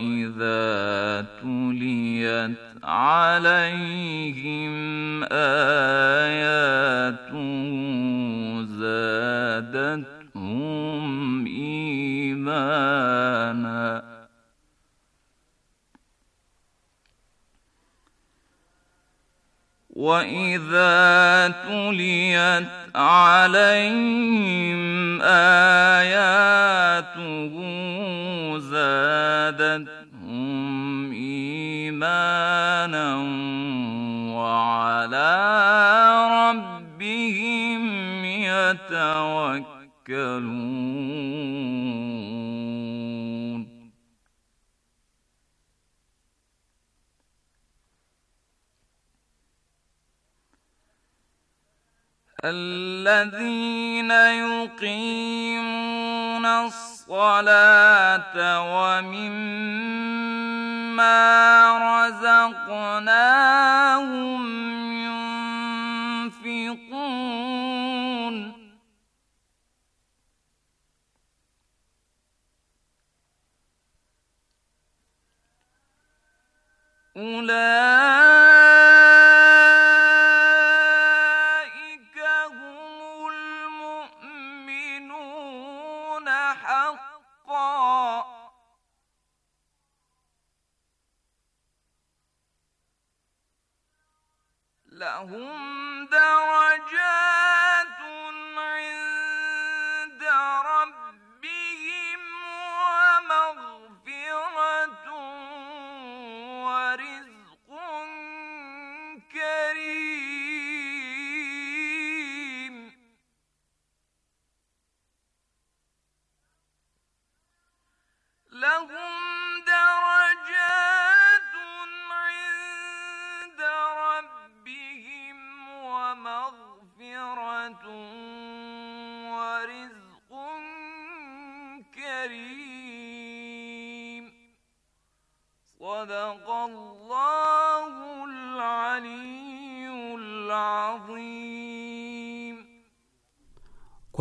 وإذا تليت عليهم آياته زادتهم إيمانا وإذا تليت عليهم آياته زادتهم إيمانا وعلى ربهم يتوكلون الذين يقيمون الصلاة الصلاة ومما رزقناهم ينفقون أولئك لهم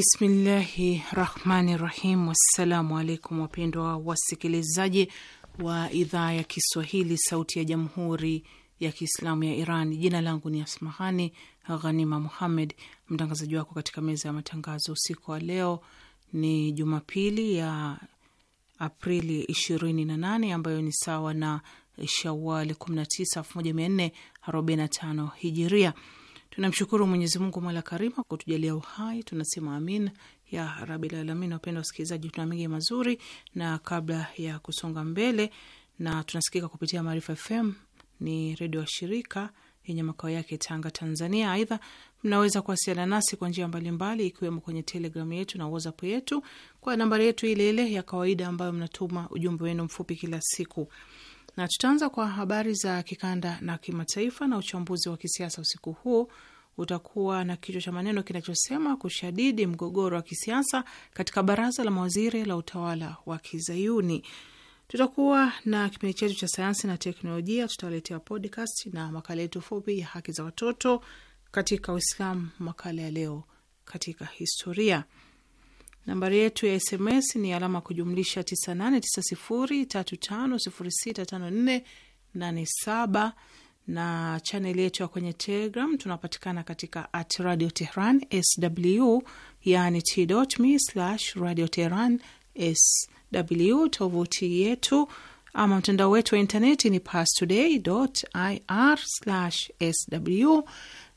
Bismillahi rahmani rahim. Wassalamu alaikum wapendwa wasikilizaji wa idhaa ya Kiswahili sauti ya jamhuri ya Kiislamu ya Iran. Jina langu ni Asmahani Ghanima Muhammed, mtangazaji wako katika meza ya matangazo. Usiku wa leo ni Jumapili ya Aprili 28 ambayo ni sawa na Shawali 19 1445 hijiria Tunamshukuru Mwenyezi Mungu karima kwa kutujalia uhai, tunasema amin ya rabil alamin. Wapenda wasikilizaji, tuna mengi mazuri, na kabla ya kusonga mbele, na tunasikika kupitia Maarifa FM ni redio wa shirika yenye makao yake Tanga, Tanzania. Aidha, mnaweza kuwasiliana nasi kwa njia mbalimbali, ikiwemo kwenye Telegramu yetu na WhatsApp yetu kwa nambari yetu ile ile ya kawaida ambayo mnatuma ujumbe wenu mfupi kila siku na tutaanza kwa habari za kikanda na kimataifa, na uchambuzi wa kisiasa usiku huu utakuwa na kichwa cha maneno kinachosema kushadidi mgogoro wa kisiasa katika baraza la mawaziri la utawala wa Kizayuni. Tutakuwa na kipindi chetu cha sayansi na teknolojia, tutawaletea podcast na makala yetu fupi ya haki za watoto katika Uislamu, makala ya leo katika historia. Nambari yetu ya SMS ni alama kujumlisha 989035065487 na chaneli yetu ya kwenye Telegram tunapatikana katika at Radio Tehran sw, yani t.me slash Radio Tehran sw. Tovuti yetu ama mtandao wetu wa intaneti ni pastoday ir sw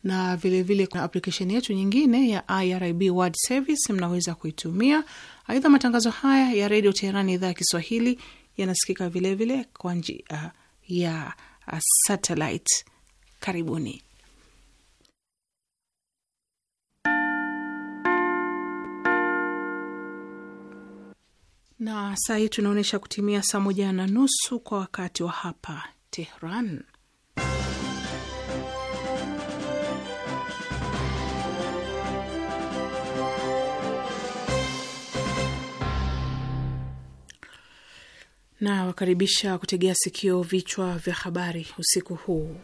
na vilevile kuna application yetu nyingine ya IRIB World Service mnaweza kuitumia. Aidha, matangazo haya ya redio Teherani idhaa ya Kiswahili yanasikika vilevile kwa njia uh, ya uh, satellite. Karibuni. Na saa hii tunaonyesha kutimia saa moja na nusu kwa wakati wa hapa Tehran. na wakaribisha kutegea sikio vichwa vya habari usiku huu.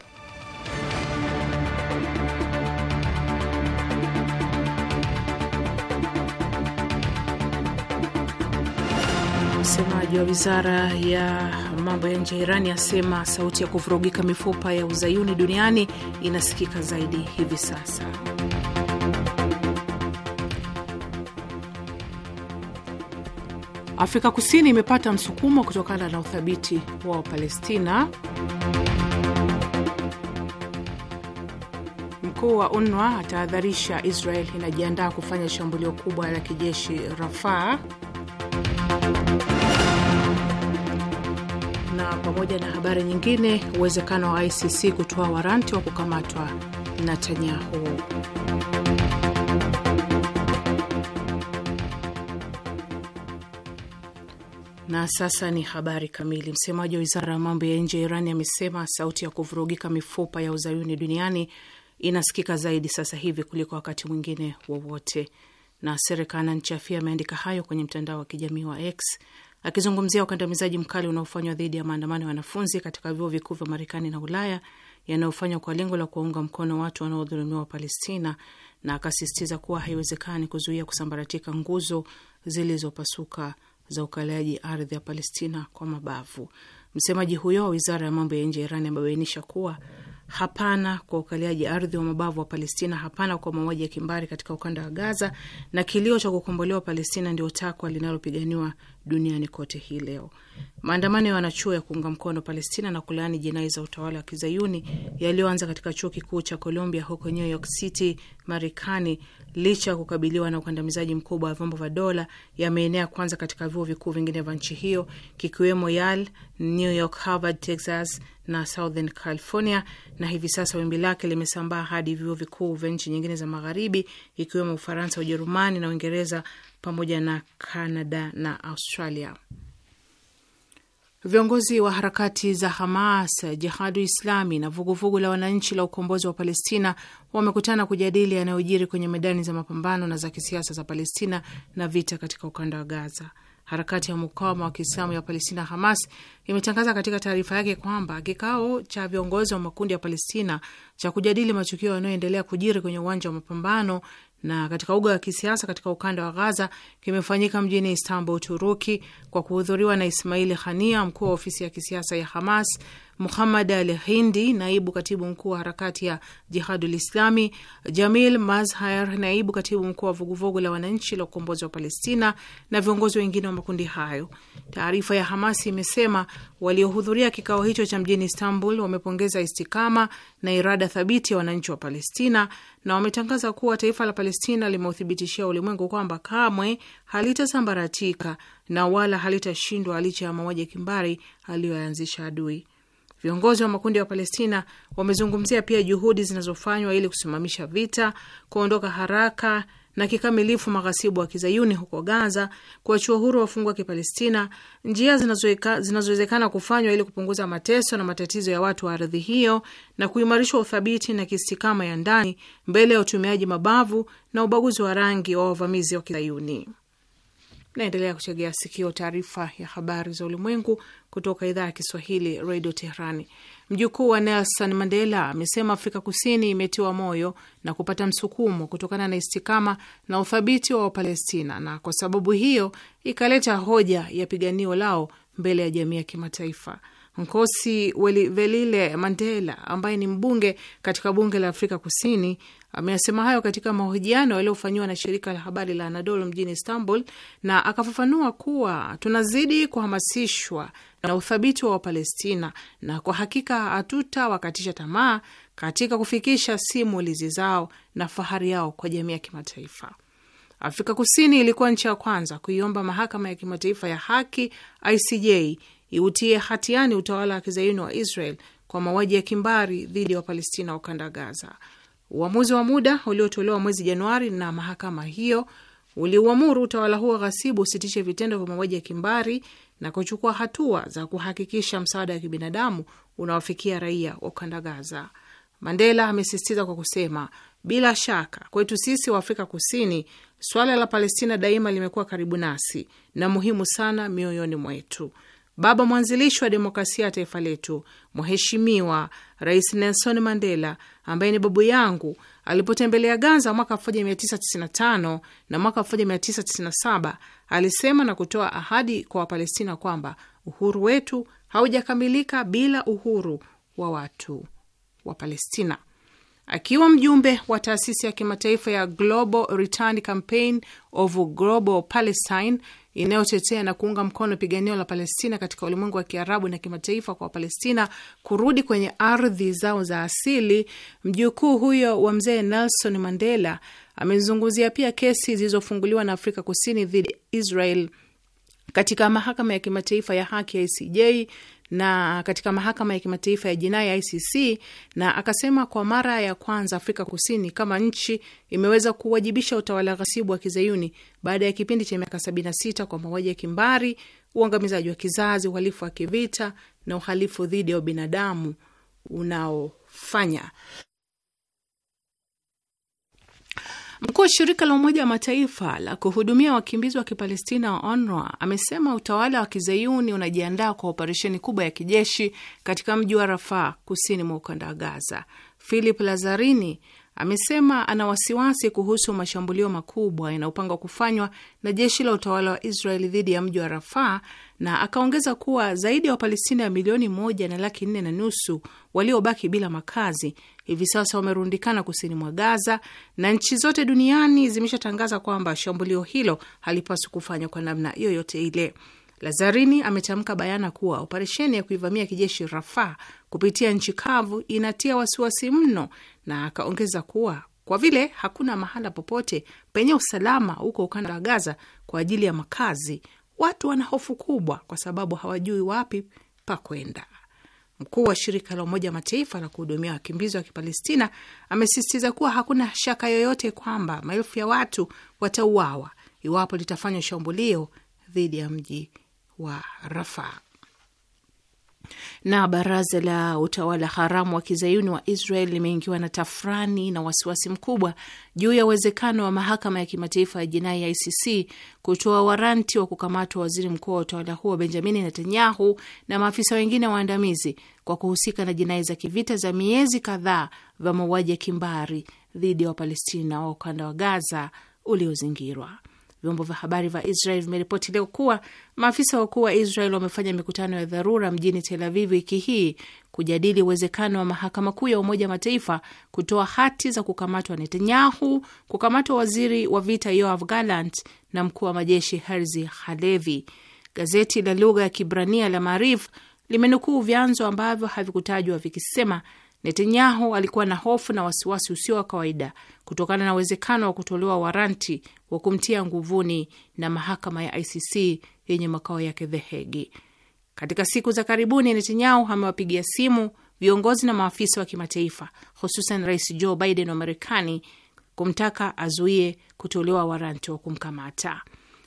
Msemaji wa wizara ya mambo ya nje ya Irani asema sauti ya kuvurugika mifupa ya uzayuni duniani inasikika zaidi hivi sasa. Afrika Kusini imepata msukumo kutokana na uthabiti wa Wapalestina. Mkuu wa UNWA atahadharisha Israel inajiandaa kufanya shambulio kubwa la kijeshi Rafaa, na pamoja na habari nyingine, uwezekano wa ICC kutoa waranti wa kukamatwa Netanyahu. Na sasa ni habari kamili. Msemaji wa wizara ya mambo ya nje ya Irani amesema sauti ya kuvurugika mifupa ya uzayuni duniani inasikika zaidi sasa hivi kuliko wakati mwingine wowote. Na nchi Nchafi ameandika hayo kwenye mtandao wa kijamii wa X akizungumzia ukandamizaji mkali unaofanywa dhidi ya maandamano ya wanafunzi katika vyuo vikuu vya Marekani na Ulaya yanayofanywa kwa lengo la kuwaunga mkono watu wanaodhulumiwa Palestina, na akasisitiza kuwa haiwezekani kuzuia kusambaratika nguzo zilizopasuka za ukaliaji ardhi ya Palestina kwa mabavu. Msemaji huyo wa wizara ya mambo ya nje ya Iran amebainisha kuwa hapana kwa ukaliaji ardhi wa mabavu wa Palestina, hapana kwa mauaji ya kimbari katika ukanda wa Gaza, na kilio cha kukombolewa Palestina ndio takwa linalopiganiwa duniani kote hii leo. Maandamano ya wanachuo ya kuunga mkono Palestina na kulaani jinai za utawala wa kizayuni yaliyoanza katika chuo kikuu cha Columbia huko New York City, Marekani, licha ya kukabiliwa na ukandamizaji mkubwa wa vyombo vya dola, yameenea kwanza katika vyuo vikuu vingine vya nchi hiyo, kikiwemo Yale, New York, Harvard, Texas na Southern California, na hivi sasa wimbi lake limesambaa hadi vyuo vikuu vya nchi nyingine za Magharibi, ikiwemo Ufaransa, Ujerumani na Uingereza pamoja na Canada na Australia. Viongozi wa harakati za Hamas, Jihadu Islami na vuguvugu vugu la wananchi la ukombozi wa Palestina wamekutana kujadili yanayojiri kwenye medani za mapambano na za kisiasa za Palestina na vita katika ukanda wa Gaza. Harakati ya mukawama wa Kiislamu ya Palestina, Hamas, imetangaza katika taarifa yake kwamba kikao cha viongozi wa makundi ya Palestina cha kujadili matukio yanayoendelea kujiri kwenye uwanja wa mapambano na katika uga wa kisiasa katika ukanda wa gaza kimefanyika mjini Istanbul, Uturuki, kwa kuhudhuriwa na Ismaili Hania, mkuu wa ofisi ya kisiasa ya Hamas, Muhammad al Hindi, naibu katibu mkuu wa harakati ya Jihadul Islami, Jamil Mazhar, naibu katibu mkuu wa vuguvugu la wananchi la ukombozi wa Palestina na viongozi wengine wa makundi hayo. Taarifa ya Hamas imesema waliohudhuria kikao hicho cha mjini Istanbul wamepongeza istikama na irada thabiti ya wananchi wa Palestina na wametangaza kuwa taifa la Palestina limeuthibitishia ulimwengu kwamba kamwe halitasambaratika na wala halitashindwa licha ya mauaji ya kimbari aliyoyaanzisha adui. Viongozi wa makundi ya Palestina wamezungumzia pia juhudi zinazofanywa ili kusimamisha vita, kuondoka haraka na kikamilifu maghasibu wa kizayuni huko Gaza, kuachua huru wafungwa wa Kipalestina, njia zinazowezekana kufanywa ili kupunguza mateso na matatizo ya watu wa ardhi hiyo, na kuimarishwa uthabiti na kistikama ya ndani mbele ya utumiaji mabavu na ubaguzi wa rangi wa wavamizi wa kizayuni. Naendelea kuchegea sikio taarifa ya habari za ulimwengu kutoka idhaa ya Kiswahili Radio Teherani. Mjukuu wa Nelson Mandela amesema Afrika Kusini imetiwa moyo na kupata msukumo kutokana na istikama na uthabiti wa Wapalestina, na kwa sababu hiyo ikaleta hoja ya piganio lao mbele ya jamii ya kimataifa. Nkosi Welivelile Mandela ambaye ni mbunge katika bunge la Afrika Kusini ameyasema hayo katika mahojiano yaliyofanyiwa na shirika la habari la Anadolu mjini Istanbul, na akafafanua kuwa tunazidi kuhamasishwa na uthabiti wa Wapalestina, na kwa hakika wakatisha tamaa katika kufikisha simulizi zao na fahari yao kwa jamii ya kimataifa. Afrika Kusini ilikuwa nchi ya kwanza kuiomba mahakama ya kimataifa ya haki ICJ iutie hatiani utawala wa kizayuni wa Israel kwa mauaji ya kimbari dhidi ya Wapalestina wa ukanda Gaza. Uamuzi wa muda uliotolewa mwezi Januari na mahakama hiyo uliuamuru utawala huo ghasibu usitishe vitendo vya mauaji ya kimbari na kuchukua hatua za kuhakikisha msaada wa kibinadamu unawafikia raia wa ukanda Gaza. Mandela amesisitiza kwa kusema, bila shaka kwetu sisi wa Afrika Kusini swala la Palestina daima limekuwa karibu nasi na muhimu sana mioyoni mwetu. Baba mwanzilishi wa demokrasia ya taifa letu, Mheshimiwa Rais Nelson Mandela, ambaye ni babu yangu, Alipotembelea Gaza mwaka 1995 na mwaka 1997 alisema na kutoa ahadi kwa Wapalestina kwamba uhuru wetu haujakamilika bila uhuru wa watu wa Palestina. Akiwa mjumbe wa taasisi ya kimataifa ya Global Return Campaign of Global Palestine inayotetea na kuunga mkono piganio la Palestina katika ulimwengu wa Kiarabu na kimataifa kwa Wapalestina kurudi kwenye ardhi zao za asili, mjukuu huyo wa mzee Nelson Mandela amezungumzia pia kesi zilizofunguliwa na Afrika Kusini dhidi ya Israel katika mahakama ya kimataifa ya haki ya ICJ na katika mahakama ya kimataifa ya jinai ICC, na akasema kwa mara ya kwanza Afrika Kusini kama nchi imeweza kuwajibisha utawala ghasibu wa kizayuni baada ya kipindi cha miaka 76 kwa mauaji ya kimbari, uangamizaji wa kizazi, uhalifu wa kivita na uhalifu dhidi ya ubinadamu unaofanya Mkuu wa shirika la Umoja wa Mataifa la kuhudumia wakimbizi wa Kipalestina wa UNRWA amesema utawala wa kizayuni unajiandaa kwa operesheni kubwa ya kijeshi katika mji wa Rafaa, kusini mwa ukanda wa Gaza. Philip Lazarini amesema ana wasiwasi kuhusu mashambulio makubwa yanayopangwa kufanywa na jeshi la utawala wa Israeli dhidi ya mji wa Rafaa na akaongeza kuwa zaidi ya Wapalestina milioni moja na laki nne na nusu waliobaki bila makazi hivi sasa wamerundikana kusini mwa Gaza, na nchi zote duniani zimeshatangaza kwamba shambulio hilo halipaswi kufanywa kwa namna yoyote ile. Lazarini ametamka bayana kuwa operesheni ya kuivamia kijeshi Rafah kupitia nchi kavu inatia wasiwasi mno, na akaongeza kuwa kwa vile hakuna mahala popote penye usalama huko ukanda wa Gaza kwa ajili ya makazi, Watu wana hofu kubwa kwa sababu hawajui wapi pa kwenda. Mkuu wa shirika la Umoja Mataifa la kuhudumia wakimbizi wa Kipalestina amesisitiza kuwa hakuna shaka yoyote kwamba maelfu ya watu watauawa iwapo litafanywa shambulio dhidi ya mji wa rafaa na baraza la utawala haramu wa kizayuni wa Israel limeingiwa na tafrani na wasiwasi mkubwa juu ya uwezekano wa mahakama ya kimataifa ya jinai ya ICC kutoa waranti wa kukamatwa waziri mkuu wa utawala huo Benjamini Netanyahu na maafisa wengine waandamizi kwa kuhusika na jinai za kivita za miezi kadhaa vya mauaji ya kimbari dhidi ya Wapalestina wa ukanda wa Gaza uliozingirwa. Vyombo vya habari vya Israel vimeripoti leo kuwa maafisa wakuu wa Israel wamefanya mikutano ya dharura mjini Tel Avivu wiki hii kujadili uwezekano wa mahakama kuu ya Umoja wa Mataifa kutoa hati za kukamatwa Netanyahu, kukamatwa waziri wa vita Yoav Gallant na mkuu wa majeshi Herzi Halevi. Gazeti la lugha ya Kibrania la Maarif limenukuu vyanzo ambavyo havikutajwa vikisema Netanyahu alikuwa na hofu na wasiwasi usio wa kawaida kutokana na uwezekano wa kutolewa waranti wa kumtia nguvuni na mahakama ya ICC yenye makao yake The Hague. Katika siku za karibuni, Netanyahu amewapigia simu viongozi na maafisa wa kimataifa, hususan Rais Joe Biden wa Marekani kumtaka azuie kutolewa waranti wa kumkamata.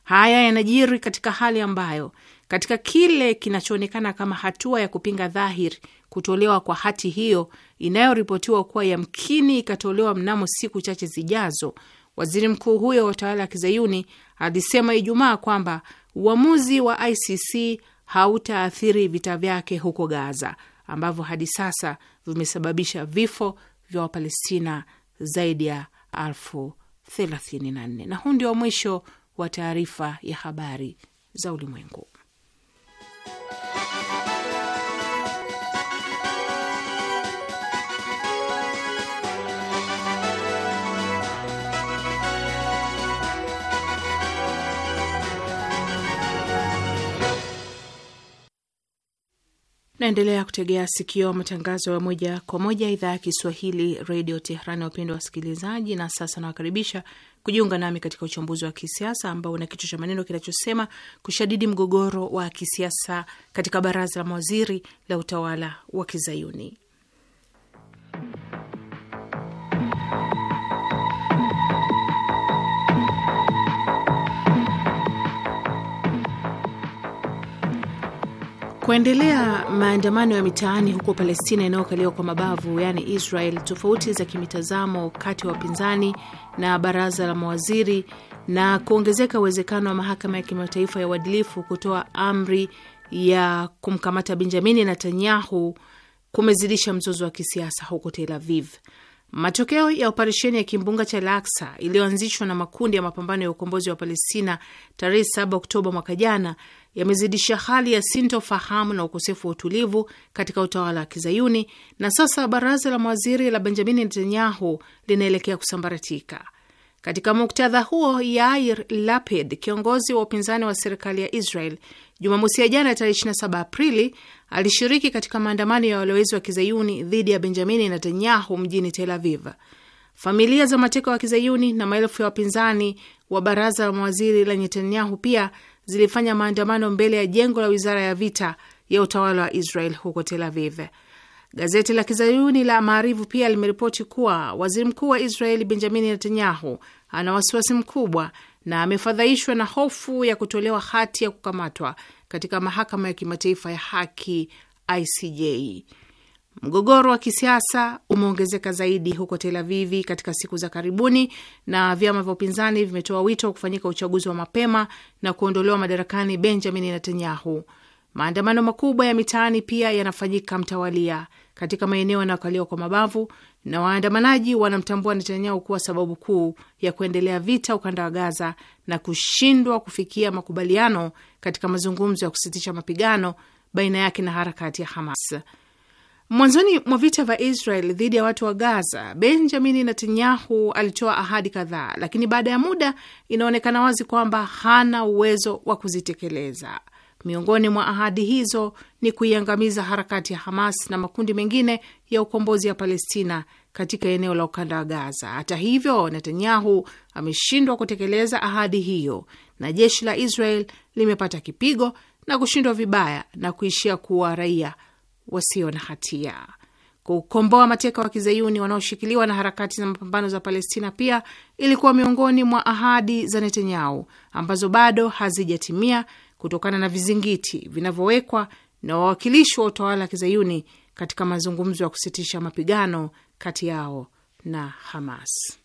Haya yanajiri katika hali ambayo katika kile kinachoonekana kama hatua ya kupinga dhahiri kutolewa kwa hati hiyo inayoripotiwa kuwa yamkini ikatolewa mnamo siku chache zijazo, waziri mkuu huyo wa utawala wa kizayuni alisema Ijumaa kwamba uamuzi wa ICC hautaathiri vita vyake huko Gaza ambavyo hadi sasa vimesababisha vifo vya Wapalestina zaidi ya elfu thelathini na nne. Na huu ndio mwisho wa taarifa ya habari za ulimwengu. Naendelea kutegea sikio matangazo ya moja kwa moja idhaa ya Kiswahili redio Tehrani, wapendwa wasikilizaji. Na sasa nawakaribisha kujiunga nami katika uchambuzi wa kisiasa ambao una kichwa cha maneno kinachosema kushadidi mgogoro wa kisiasa katika baraza la mawaziri la utawala wa Kizayuni. Kuendelea maandamano ya mitaani huko Palestina inayokaliwa kwa mabavu yaani Israel, tofauti za kimitazamo kati ya wapinzani na baraza la mawaziri na kuongezeka uwezekano wa mahakama ya kimataifa ya uadilifu kutoa amri ya kumkamata Benjamini Netanyahu kumezidisha mzozo wa kisiasa huko Tel Aviv. Matokeo ya operesheni ya kimbunga cha Laksa iliyoanzishwa na makundi ya mapambano ya ukombozi wa Palestina tarehe 7 Oktoba mwaka jana yamezidisha hali ya sintofahamu na ukosefu wa utulivu katika utawala wa Kizayuni, na sasa baraza la mawaziri la Benjamin Netanyahu linaelekea kusambaratika. Katika muktadha huo, Yair Lapid, kiongozi wa upinzani wa serikali ya Israel, Jumamosi ya jana tarehe 27 Aprili alishiriki katika maandamano ya walowezi wa kizayuni dhidi ya Benjamini Netanyahu mjini Tel Aviv. Familia za mateka wa kizayuni na maelfu ya wapinzani wa baraza la mawaziri la Netanyahu pia zilifanya maandamano mbele ya jengo la wizara ya vita ya utawala wa Israel huko Tel Aviv. Gazeti la kizayuni la Maarivu pia limeripoti kuwa waziri mkuu wa Israeli Benjamini Netanyahu ana wasiwasi mkubwa na amefadhaishwa na hofu ya kutolewa hati ya kukamatwa katika mahakama ya kimataifa ya haki ICJ. Mgogoro wa kisiasa umeongezeka zaidi huko Tel Avivi katika siku za karibuni, na vyama vya upinzani vimetoa wito wa kufanyika uchaguzi wa mapema na kuondolewa madarakani Benjamin Netanyahu. Maandamano makubwa ya mitaani pia yanafanyika mtawalia katika maeneo yanayokaliwa kwa mabavu, na waandamanaji wanamtambua Netanyahu kuwa sababu kuu ya kuendelea vita ukanda wa Gaza na kushindwa kufikia makubaliano katika mazungumzo ya kusitisha mapigano baina yake na harakati ya Hamas. Mwanzoni mwa vita vya Israel dhidi ya watu wa Gaza, Benjamin Netanyahu alitoa ahadi kadhaa, lakini baada ya muda inaonekana wazi kwamba hana uwezo wa kuzitekeleza. Miongoni mwa ahadi hizo ni kuiangamiza harakati ya Hamas na makundi mengine ya ukombozi ya Palestina katika eneo la ukanda wa Gaza. Hata hivyo, Netanyahu ameshindwa kutekeleza ahadi hiyo na jeshi la Israel limepata kipigo na kushindwa vibaya na kuishia kuwa raia wasio na hatia. Kukomboa mateka wa kizayuni wanaoshikiliwa na harakati za mapambano za Palestina pia ilikuwa miongoni mwa ahadi za Netanyahu ambazo bado hazijatimia kutokana na vizingiti vinavyowekwa na wawakilishi wa utawala wa kizayuni katika mazungumzo ya kusitisha mapigano kati yao na Hamas.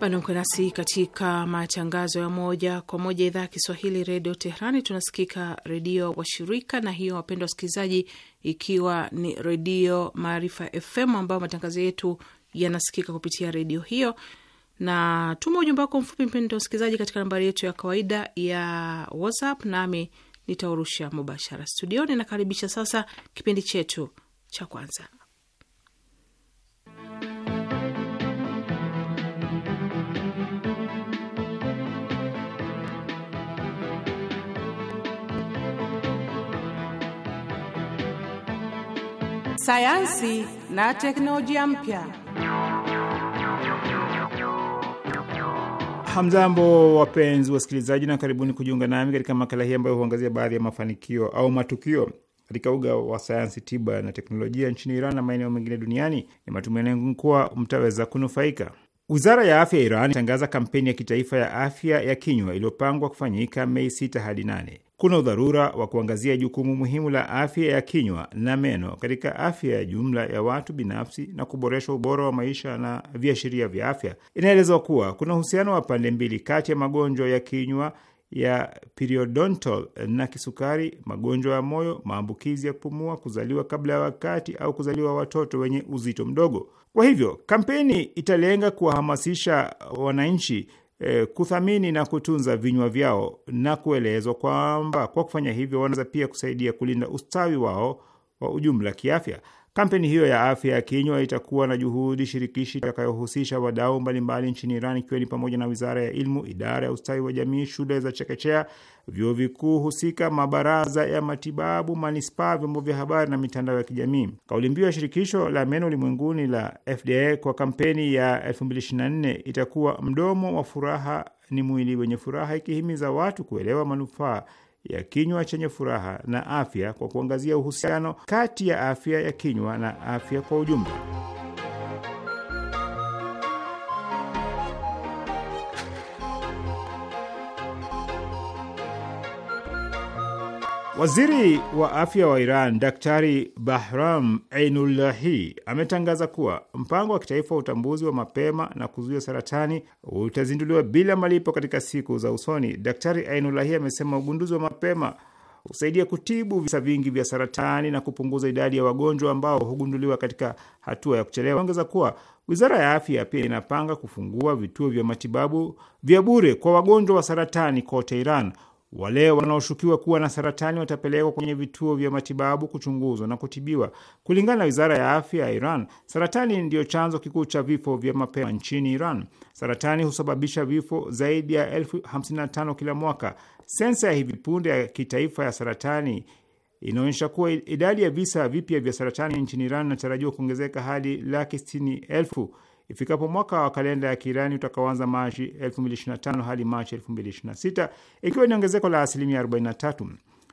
Bado mko nasi katika matangazo ya moja kwa moja idhaa ya Kiswahili redio Teherani. Tunasikika redio washirika na hiyo, wapendwa wasikilizaji, ikiwa ni redio Maarifa FM ambayo matangazo yetu yanasikika kupitia redio hiyo, na tuma ujumbe wako mfupi, mpendwa wasikilizaji, katika nambari yetu ya kawaida ya WhatsApp nami nitaurusha mubashara studioni. Nakaribisha sasa kipindi chetu cha kwanza sayansi na teknolojia mpya. Hamjambo, wapenzi wasikilizaji, na karibuni kujiunga nami katika makala hii ambayo huangazia baadhi ya mafanikio au matukio katika uga wa sayansi tiba na teknolojia nchini Iran na maeneo mengine duniani. Ni matumaini yangu kuwa mtaweza kunufaika. Wizara ya afya ya Iran itangaza kampeni ya kitaifa ya afya ya kinywa iliyopangwa kufanyika Mei 6 hadi kuna udharura wa kuangazia jukumu muhimu la afya ya kinywa na meno katika afya ya jumla ya watu binafsi na kuboresha ubora wa maisha na viashiria vya afya. Inaelezwa kuwa kuna uhusiano wa pande mbili kati ya magonjwa ya kinywa ya periodontal na kisukari, magonjwa ya moyo, maambukizi ya kupumua, kuzaliwa kabla ya wakati au kuzaliwa watoto wenye uzito mdogo. Kwa hivyo kampeni italenga kuwahamasisha wananchi e, kuthamini na kutunza vinywa vyao na kuelezwa kwamba kwa kufanya hivyo wanaweza pia kusaidia kulinda ustawi wao wa ujumla kiafya. Kampeni hiyo ya afya ya kinywa itakuwa na juhudi shirikishi itakayohusisha wadau mbalimbali nchini Iran, ikiwa ni pamoja na wizara ya ilmu idara ya ustawi wa jamii, shule za chekechea, vyuo vikuu husika, mabaraza ya matibabu, manispaa, vyombo vya habari na mitandao ya kijamii. Kauli mbiu ya shirikisho la meno ulimwenguni la FDA kwa kampeni ya 2024 itakuwa mdomo wa furaha ni mwili wenye furaha, ikihimiza watu kuelewa manufaa ya kinywa chenye furaha na afya kwa kuangazia uhusiano kati ya afya ya kinywa na afya kwa ujumla. Waziri wa afya wa Iran Daktari Bahram Einullahi ametangaza kuwa mpango wa kitaifa wa utambuzi wa mapema na kuzuia saratani utazinduliwa bila malipo katika siku za usoni. Daktari Einullahi amesema ugunduzi wa mapema husaidia kutibu visa vingi vya saratani na kupunguza idadi ya wagonjwa ambao hugunduliwa katika hatua ya kuchelewa. Ongeza kuwa wizara ya afya pia inapanga kufungua vituo vya matibabu vya bure kwa wagonjwa wa saratani kote Iran. Wale wanaoshukiwa kuwa na saratani watapelekwa kwenye vituo vya matibabu kuchunguzwa na kutibiwa. Kulingana na wizara ya afya ya Iran, saratani ndiyo chanzo kikuu cha vifo vya mapema nchini Iran. Saratani husababisha vifo zaidi ya elfu 55 kila mwaka. Sensa ya hivi punde ya kitaifa ya saratani inaonyesha kuwa idadi ya visa vipya vya saratani nchini Iran inatarajiwa kuongezeka hadi laki sitini elfu ifikapo mwaka wa kalenda ya Kiirani utakaoanza Machi 2025 hadi Machi 2026, ikiwa ni ongezeko la asilimia 43.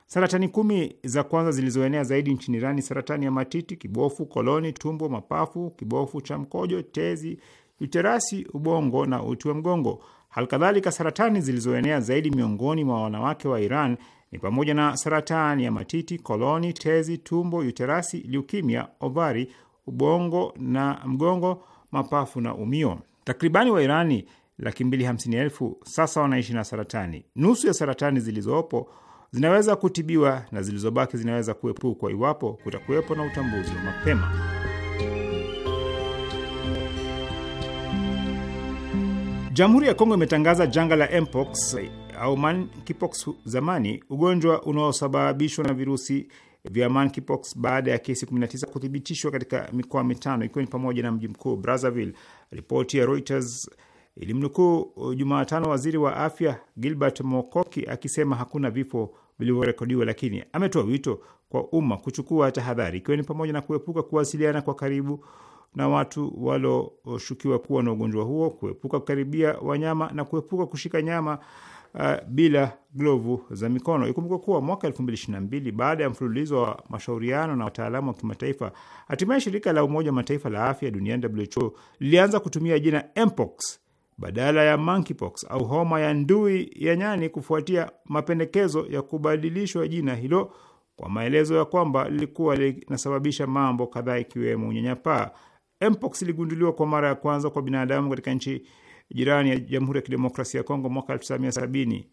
Saratani kumi za kwanza zilizoenea zaidi nchini Irani, saratani ya matiti, kibofu, koloni, tumbo, mapafu, kibofu cha mkojo, tezi, uterasi, ubongo na uti wa mgongo. Halikadhalika, saratani zilizoenea zaidi miongoni mwa wanawake wa Iran ni pamoja na saratani ya matiti, koloni, tezi, tumbo, uterasi, liukimia, ovari, ubongo na mgongo mapafu na umio. Takribani Wairani laki mbili hamsini elfu sasa wanaishi na saratani. Nusu ya saratani zilizopo zinaweza kutibiwa na zilizobaki zinaweza kuepukwa iwapo kutakuwepo na utambuzi wa mapema. Jamhuri ya Kongo imetangaza janga la mpox au monkeypox zamani, ugonjwa unaosababishwa na virusi vya monkeypox baada ya kesi 19 kuthibitishwa katika mikoa mitano ikiwa ni pamoja na mji mkuu Brazzaville. Ripoti ya Reuters ilimnukuu uh, Jumatano waziri wa afya Gilbert Mokoki akisema hakuna vifo vilivyorekodiwa, lakini ametoa wito kwa umma kuchukua tahadhari, ikiwa ni pamoja na kuepuka kuwasiliana kwa karibu na watu walioshukiwa kuwa na ugonjwa huo, kuepuka kukaribia wanyama na kuepuka kushika nyama uh, bila glovu za mikono. Ikumbuka kuwa mwaka 2022 baada ya mfululizo wa mashauriano na wataalamu wa kimataifa, hatimaye shirika la Umoja wa Mataifa la afya duniani WHO lilianza kutumia jina mpox badala ya monkeypox au homa ya ndui ya nyani kufuatia mapendekezo ya kubadilishwa jina hilo kwa maelezo ya kwamba lilikuwa linasababisha mambo kadhaa ikiwemo unyanyapaa. Mpox iligunduliwa kwa mara ya kwanza kwa binadamu katika nchi jirani ya Jamhuri ya Kidemokrasia ya Kongo mwaka 1970.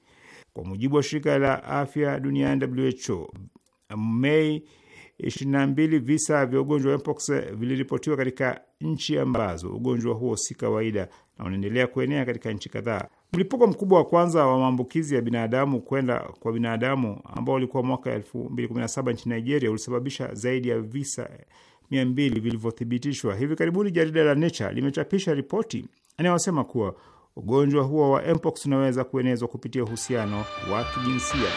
Kwa mujibu wa shirika la afya duniani WHO, Mei 22 visa vya ugonjwa wa mpox viliripotiwa katika nchi ambazo ugonjwa huo si kawaida na unaendelea kuenea katika nchi kadhaa. Mlipuko mkubwa wa kwanza wa maambukizi ya binadamu kwenda kwa binadamu ambao ulikuwa mwaka 2017 nchini Nigeria ulisababisha zaidi ya visa 200 vilivyothibitishwa. Hivi karibuni jarida la Nature limechapisha ripoti anayosema kuwa ugonjwa huo wa mpox unaweza kuenezwa kupitia uhusiano wa kijinsia.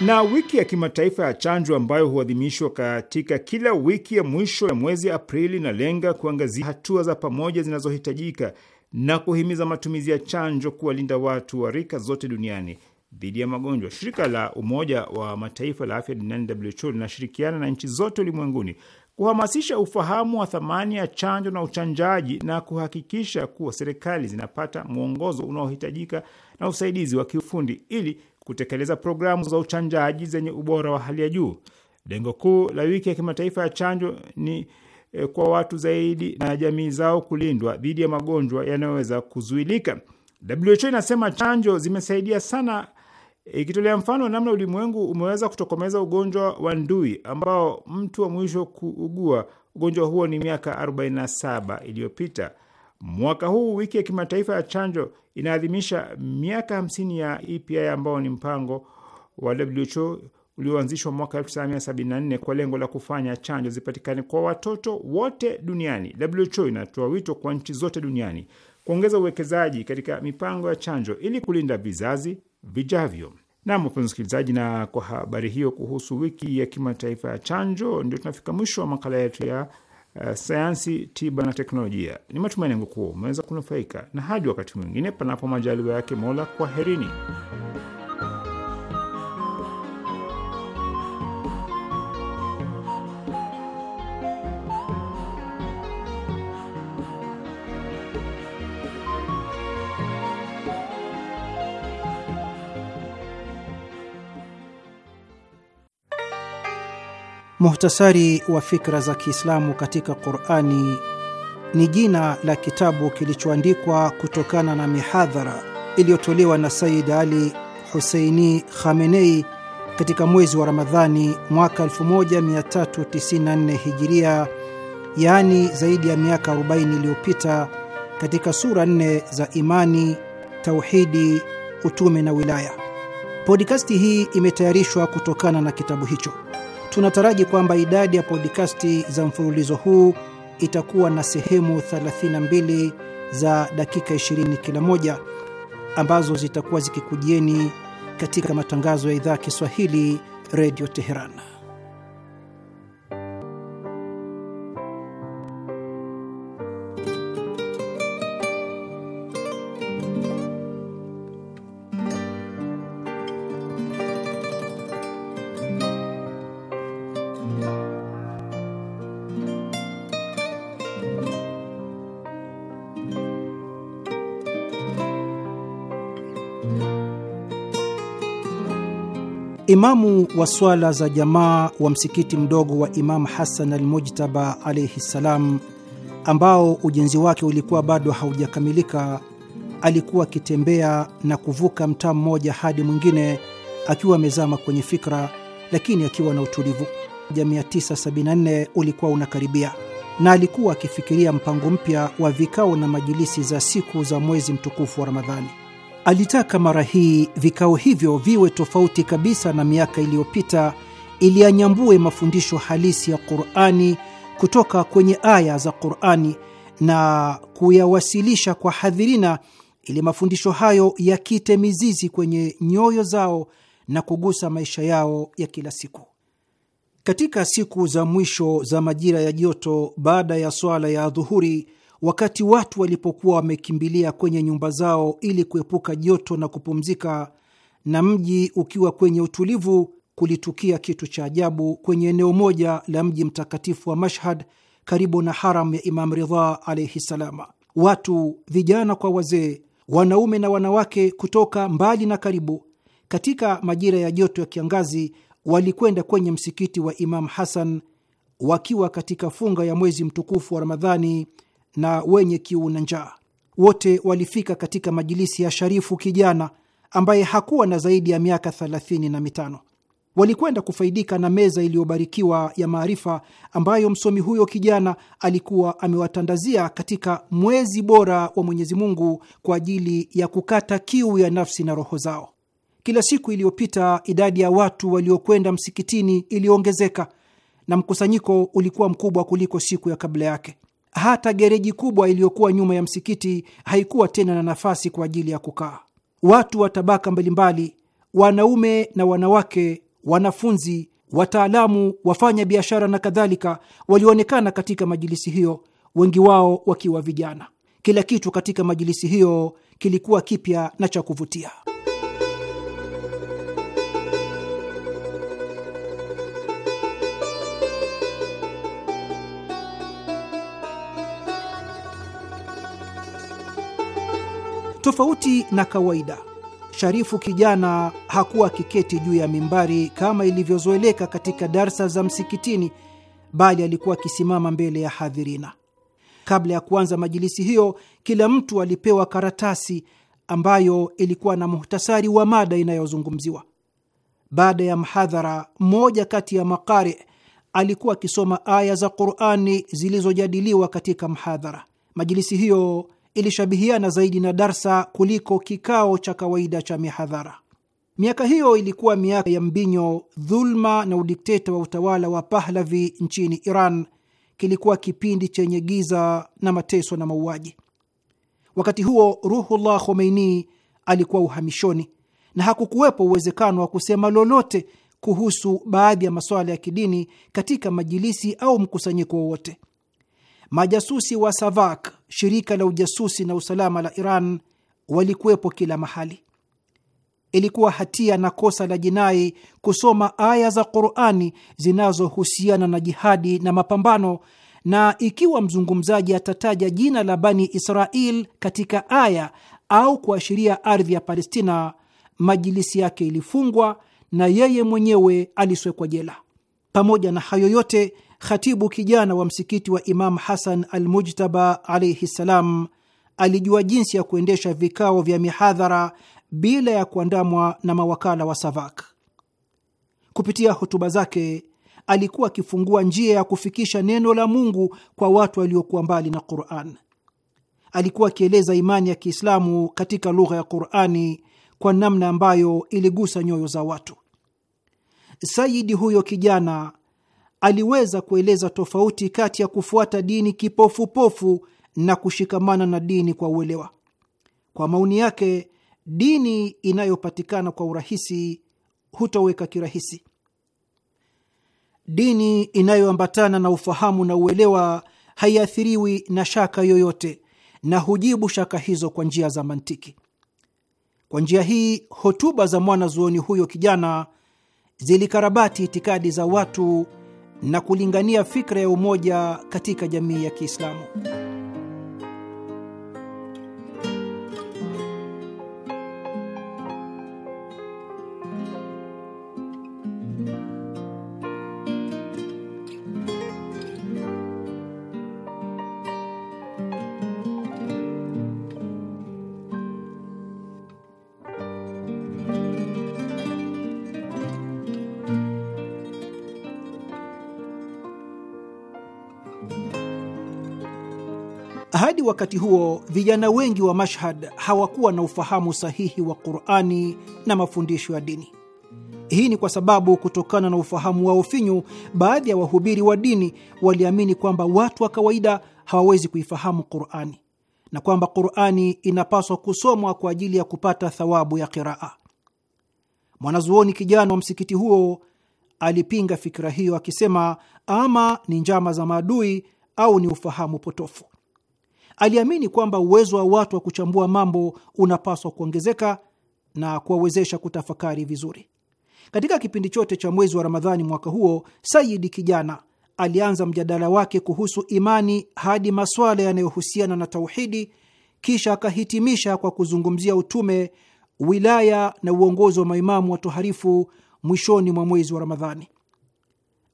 Na wiki ya kimataifa ya chanjo ambayo huadhimishwa katika kila wiki ya mwisho ya mwezi Aprili inalenga kuangazia hatua za pamoja zinazohitajika na kuhimiza matumizi ya chanjo kuwalinda watu wa rika zote duniani dhidi ya magonjwa. Shirika la Umoja wa Mataifa la afya duniani WHO linashirikiana na nchi zote ulimwenguni kuhamasisha ufahamu wa thamani ya chanjo na uchanjaji na kuhakikisha kuwa serikali zinapata mwongozo unaohitajika na usaidizi wa kiufundi ili kutekeleza programu za uchanjaji zenye ubora wa hali ya juu. Lengo kuu la wiki ya kimataifa ya chanjo ni e, kwa watu zaidi na jamii zao kulindwa dhidi ya magonjwa yanayoweza kuzuilika. WHO inasema chanjo zimesaidia sana ikitolea mfano namna ulimwengu umeweza kutokomeza ugonjwa wa ndui ambao mtu wa mwisho kuugua ugonjwa huo ni miaka 47 iliyopita. Mwaka huu wiki ya kimataifa ya chanjo inaadhimisha miaka 50 ya EPI ambao ni mpango wa WHO ulioanzishwa mwaka 1974 kwa lengo la kufanya chanjo zipatikane kwa watoto wote duniani. WHO inatoa wito kwa nchi zote duniani kuongeza uwekezaji katika mipango ya chanjo ili kulinda vizazi vijavyo. Nam wapenzi msikilizaji, na kwa habari hiyo kuhusu wiki ya kimataifa ya chanjo, ndio tunafika mwisho wa makala yetu ya uh, sayansi, tiba na teknolojia. Ni matumaini yangu kuwa umeweza kunufaika, na hadi wakati mwingine, panapo majaliwa yake Mola, kwaherini. Muhtasari wa fikra za Kiislamu katika Qurani ni jina la kitabu kilichoandikwa kutokana na mihadhara iliyotolewa na Said Ali Huseini Khamenei katika mwezi wa Ramadhani mwaka 1394 Hijiria, yaani zaidi ya miaka 40 iliyopita, katika sura nne za imani, tauhidi, utume na wilaya. Podikasti hii imetayarishwa kutokana na kitabu hicho. Tunataraji kwamba idadi ya podikasti za mfululizo huu itakuwa na sehemu 32 za dakika 20 kila moja ambazo zitakuwa zikikujieni katika matangazo ya idhaa ya Kiswahili, Redio Teheran. Imamu wa swala za jamaa wa msikiti mdogo wa Imamu Hasan Almujtaba alaihi ssalam, ambao ujenzi wake ulikuwa bado haujakamilika, alikuwa akitembea na kuvuka mtaa mmoja hadi mwingine akiwa amezama kwenye fikra, lakini akiwa na utulivu. 1974 ulikuwa unakaribia na alikuwa akifikiria mpango mpya wa vikao na majilisi za siku za mwezi mtukufu wa Ramadhani. Alitaka mara hii vikao hivyo viwe tofauti kabisa na miaka iliyopita ili anyambue mafundisho halisi ya Qur'ani kutoka kwenye aya za Qur'ani na kuyawasilisha kwa hadhirina ili mafundisho hayo yakite mizizi kwenye nyoyo zao na kugusa maisha yao ya kila siku. Katika siku za mwisho za majira ya joto baada ya swala ya dhuhuri, Wakati watu walipokuwa wamekimbilia kwenye nyumba zao ili kuepuka joto na kupumzika, na mji ukiwa kwenye utulivu, kulitukia kitu cha ajabu kwenye eneo moja la mji mtakatifu wa Mashhad karibu na haram ya Imam Ridha alaihi salama. Watu vijana kwa wazee, wanaume na wanawake, kutoka mbali na karibu, katika majira ya joto ya kiangazi, walikwenda kwenye msikiti wa Imam Hasan wakiwa katika funga ya mwezi mtukufu wa Ramadhani na wenye kiu na njaa. Wote walifika katika majilisi ya Sharifu, kijana ambaye hakuwa na zaidi ya miaka thelathini na mitano. Walikwenda kufaidika na meza iliyobarikiwa ya maarifa ambayo msomi huyo kijana alikuwa amewatandazia katika mwezi bora wa Mwenyezi Mungu kwa ajili ya kukata kiu ya nafsi na roho zao. Kila siku iliyopita idadi ya watu waliokwenda msikitini iliongezeka na mkusanyiko ulikuwa mkubwa kuliko siku ya kabla yake. Hata gereji kubwa iliyokuwa nyuma ya msikiti haikuwa tena na nafasi kwa ajili ya kukaa. Watu wa tabaka mbalimbali, wanaume na wanawake, wanafunzi, wataalamu, wafanya biashara na kadhalika, walionekana katika majilisi hiyo, wengi wao wakiwa vijana. Kila kitu katika majilisi hiyo kilikuwa kipya na cha kuvutia. Tofauti na kawaida, Sharifu kijana hakuwa akiketi juu ya mimbari kama ilivyozoeleka katika darsa za msikitini, bali alikuwa akisimama mbele ya hadhirina. Kabla ya kuanza majilisi hiyo, kila mtu alipewa karatasi ambayo ilikuwa na muhtasari wa mada inayozungumziwa. Baada ya mhadhara, mmoja kati ya makari alikuwa akisoma aya za Qurani zilizojadiliwa katika mhadhara. Majilisi hiyo ilishabihiana zaidi na darsa kuliko kikao cha kawaida cha mihadhara. Miaka hiyo ilikuwa miaka ya mbinyo, dhulma na udikteta wa utawala wa Pahlavi nchini Iran. Kilikuwa kipindi chenye giza na mateso na mauaji. Wakati huo Ruhullah Khomeini alikuwa uhamishoni na hakukuwepo uwezekano wa kusema lolote kuhusu baadhi ya masuala ya kidini katika majilisi au mkusanyiko wowote. Majasusi wa Savak shirika la ujasusi na usalama la Iran walikuwepo kila mahali. Ilikuwa hatia na kosa la jinai kusoma aya za Qurani zinazohusiana na jihadi na mapambano, na ikiwa mzungumzaji atataja jina la Bani israel katika aya au kuashiria ardhi ya Palestina, majilisi yake ilifungwa na yeye mwenyewe aliswekwa jela. Pamoja na hayo yote khatibu kijana wa msikiti wa Imam Hasan mujtaba alaihi ssalam, alijua jinsi ya kuendesha vikao vya mihadhara bila ya kuandamwa na mawakala wa SAVAK. Kupitia hotuba zake alikuwa akifungua njia ya kufikisha neno la Mungu kwa watu waliokuwa mbali na Quran. Alikuwa akieleza imani ya Kiislamu katika lugha ya Qurani kwa namna ambayo iligusa nyoyo za watu. Sayidi huyo kijana aliweza kueleza tofauti kati ya kufuata dini kipofupofu na kushikamana na dini kwa uelewa. Kwa maoni yake, dini inayopatikana kwa urahisi hutoweka kirahisi. Dini inayoambatana na ufahamu na uelewa haiathiriwi na shaka yoyote na hujibu shaka hizo kwa njia za mantiki. Kwa njia hii, hotuba za mwanazuoni huyo kijana zilikarabati itikadi za watu na kulingania fikra ya umoja katika jamii ya Kiislamu. Hadi wakati huo vijana wengi wa Mashhad hawakuwa na ufahamu sahihi wa Qurani na mafundisho ya dini. Hii ni kwa sababu kutokana na ufahamu wao finyu, baadhi ya wahubiri wa dini waliamini kwamba watu wa kawaida hawawezi kuifahamu Qurani na kwamba Qurani inapaswa kusomwa kwa ajili ya kupata thawabu ya qiraa. Mwanazuoni kijana wa msikiti huo alipinga fikira hiyo akisema, ama ni njama za maadui au ni ufahamu potofu. Aliamini kwamba uwezo wa watu wa kuchambua mambo unapaswa kuongezeka na kuwawezesha kutafakari vizuri. Katika kipindi chote cha mwezi wa Ramadhani mwaka huo, Sayidi kijana alianza mjadala wake kuhusu imani hadi masuala yanayohusiana na tauhidi, kisha akahitimisha kwa kuzungumzia utume, wilaya na uongozi wa maimamu watoharifu. Mwishoni mwa mwezi wa Ramadhani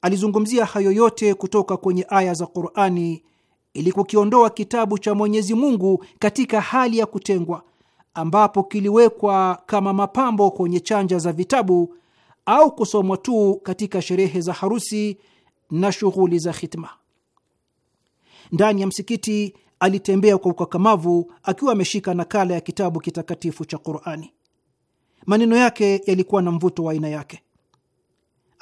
alizungumzia hayo yote kutoka kwenye aya za Qurani ili kukiondoa kitabu cha Mwenyezi Mungu katika hali ya kutengwa, ambapo kiliwekwa kama mapambo kwenye chanja za vitabu au kusomwa tu katika sherehe za harusi na shughuli za khitma. Ndani ya msikiti alitembea kwa ukakamavu akiwa ameshika nakala ya kitabu kitakatifu cha Qur'ani. Maneno yake yalikuwa na mvuto wa aina yake.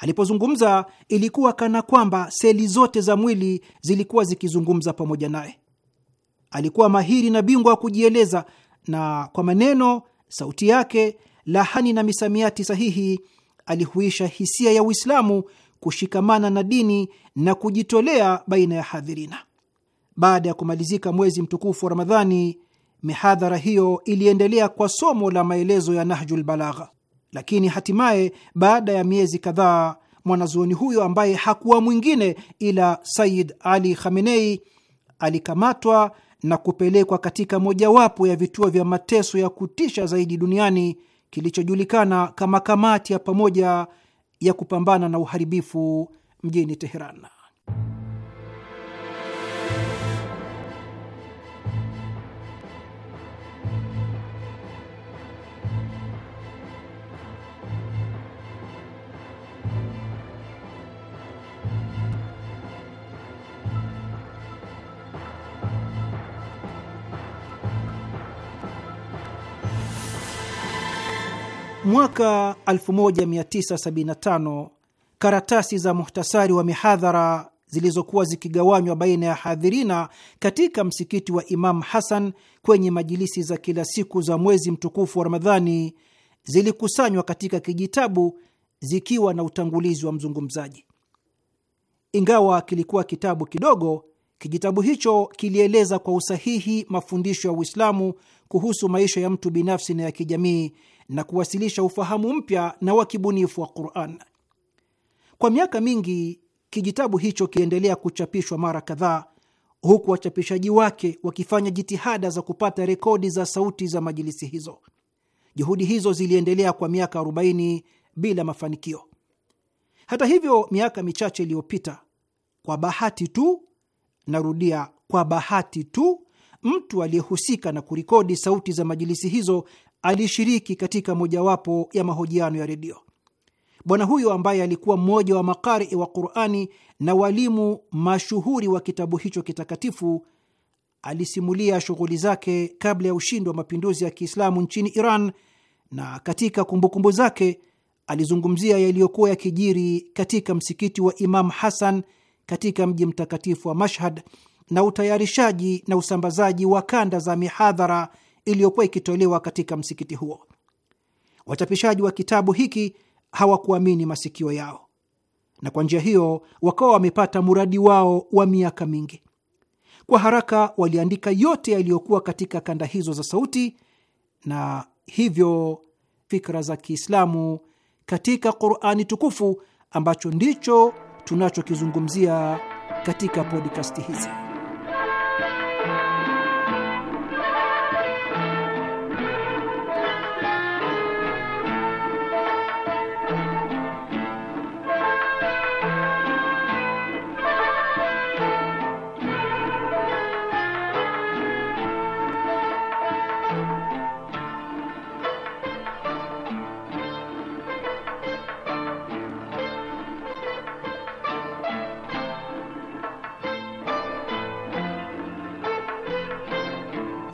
Alipozungumza ilikuwa kana kwamba seli zote za mwili zilikuwa zikizungumza pamoja naye. Alikuwa mahiri na bingwa wa kujieleza, na kwa maneno, sauti yake, lahani na misamiati sahihi alihuisha hisia ya Uislamu, kushikamana na dini na kujitolea baina ya hadhirina. Baada ya kumalizika mwezi mtukufu wa Ramadhani, mihadhara hiyo iliendelea kwa somo la maelezo ya Nahjul Balagha. Lakini hatimaye baada ya miezi kadhaa, mwanazuoni huyo ambaye hakuwa mwingine ila Sayyid Ali Khamenei alikamatwa na kupelekwa katika mojawapo ya vituo vya mateso ya kutisha zaidi duniani kilichojulikana kama kamati ya pamoja ya kupambana na uharibifu mjini Teheran. Mwaka 1975 karatasi za muhtasari wa mihadhara zilizokuwa zikigawanywa baina ya hadhirina katika msikiti wa Imam Hasan kwenye majilisi za kila siku za mwezi mtukufu wa Ramadhani zilikusanywa katika kijitabu zikiwa na utangulizi wa mzungumzaji. Ingawa kilikuwa kitabu kidogo, kijitabu hicho kilieleza kwa usahihi mafundisho ya Uislamu kuhusu maisha ya mtu binafsi na ya kijamii na kuwasilisha ufahamu mpya na wa kibunifu wa Quran. Kwa miaka mingi kijitabu hicho kiendelea kuchapishwa mara kadhaa, huku wachapishaji wake wakifanya jitihada za kupata rekodi za sauti za majilisi hizo. Juhudi hizo ziliendelea kwa miaka 40 bila mafanikio. Hata hivyo, miaka michache iliyopita, kwa bahati tu, narudia, kwa bahati tu, mtu aliyehusika na kurekodi sauti za majilisi hizo alishiriki katika mojawapo ya mahojiano ya redio. Bwana huyo ambaye alikuwa mmoja wa maqari wa Qurani na walimu mashuhuri wa kitabu hicho kitakatifu alisimulia shughuli zake kabla ya ushindi wa mapinduzi ya Kiislamu nchini Iran, na katika kumbukumbu zake alizungumzia yaliyokuwa yakijiri katika msikiti wa Imam Hasan katika mji mtakatifu wa Mashhad na utayarishaji na usambazaji wa kanda za mihadhara iliyokuwa ikitolewa katika msikiti huo. Wachapishaji wa kitabu hiki hawakuamini masikio yao, na kwa njia hiyo wakawa wamepata mradi wao wa miaka mingi. Kwa haraka waliandika yote yaliyokuwa katika kanda hizo za sauti, na hivyo fikra za Kiislamu katika Qurani tukufu ambacho ndicho tunachokizungumzia katika podkasti hizi.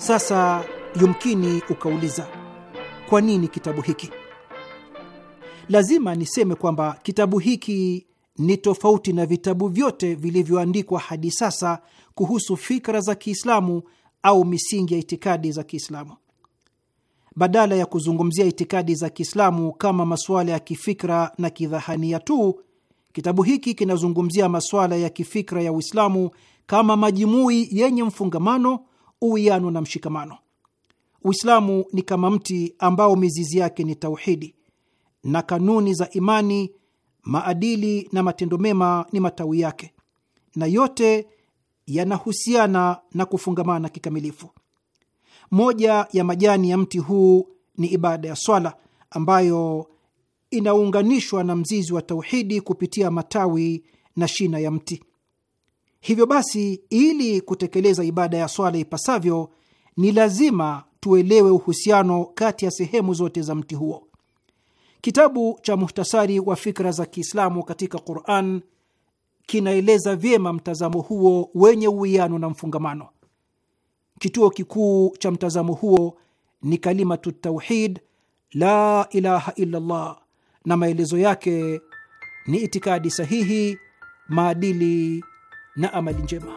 Sasa yumkini ukauliza, kwa nini kitabu hiki? Lazima niseme kwamba kitabu hiki ni tofauti na vitabu vyote vilivyoandikwa hadi sasa kuhusu fikra za Kiislamu au misingi ya itikadi za Kiislamu. Badala ya kuzungumzia itikadi za Kiislamu kama masuala ya kifikra na kidhahania tu, kitabu hiki kinazungumzia masuala ya kifikra ya Uislamu kama majumui yenye mfungamano uwiano na mshikamano. Uislamu ni kama mti ambao mizizi yake ni tauhidi, na kanuni za imani, maadili na matendo mema ni matawi yake, na yote yanahusiana na kufungamana kikamilifu. Moja ya majani ya mti huu ni ibada ya swala ambayo inaunganishwa na mzizi wa tauhidi kupitia matawi na shina ya mti. Hivyo basi, ili kutekeleza ibada ya swala ipasavyo, ni lazima tuelewe uhusiano kati ya sehemu zote za mti huo. Kitabu cha Muhtasari wa Fikra za Kiislamu katika Quran kinaeleza vyema mtazamo huo wenye uwiano na mfungamano. Kituo kikuu cha mtazamo huo ni kalimatu tauhid, la ilaha illallah, na maelezo yake ni itikadi sahihi, maadili na amali njema.